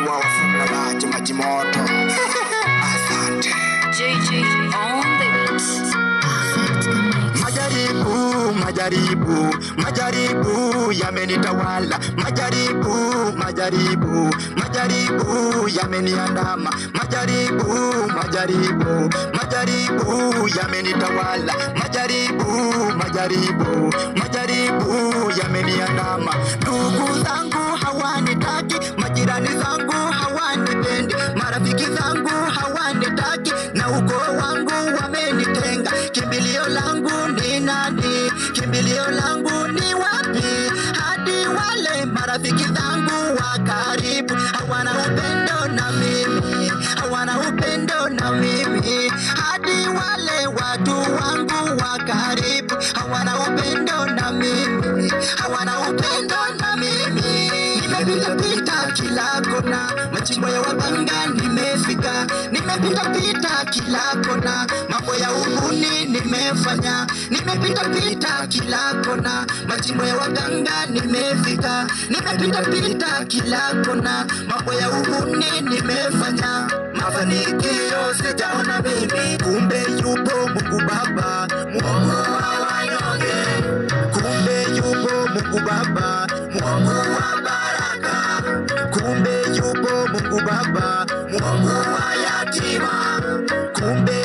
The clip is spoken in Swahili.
mtu wa ufungaji maji moto. Majaribu, majaribu, majaribu yamenitawala, majaribu, majaribu, majaribu yameniandama, majaribu, majaribu, majaribu yamenitawala, majaribu, majaribu, majaribu yameniandama, ndugu zangu zangu hawanitaki na uko wangu wamenitenga. Kimbilio langu ni nani? Kimbilio langu ni wapi? Hadi wale marafiki zangu wa karibu hawana upendo na mimi, hawana upendo na mimi. Hadi wale watu wangu wa karibu hawana upendo na mimi, hawana upendo na mimi. Nimepita pita kila kona, machimbo ya wapangani nimepita pita kila kona, mambo ya uhuni nimefanya, nimepita pita kila kona, majimbo ya waganga nimefika, nimepita pita kila kona, mambo ya uhuni nimefanya, mafanikio sijaona mimi, kumbe yupo Mungu Baba, Mungu wa wanyonge, kumbe yupo Mungu Baba, Mungu wa baba, mwongo wa yatima kumbe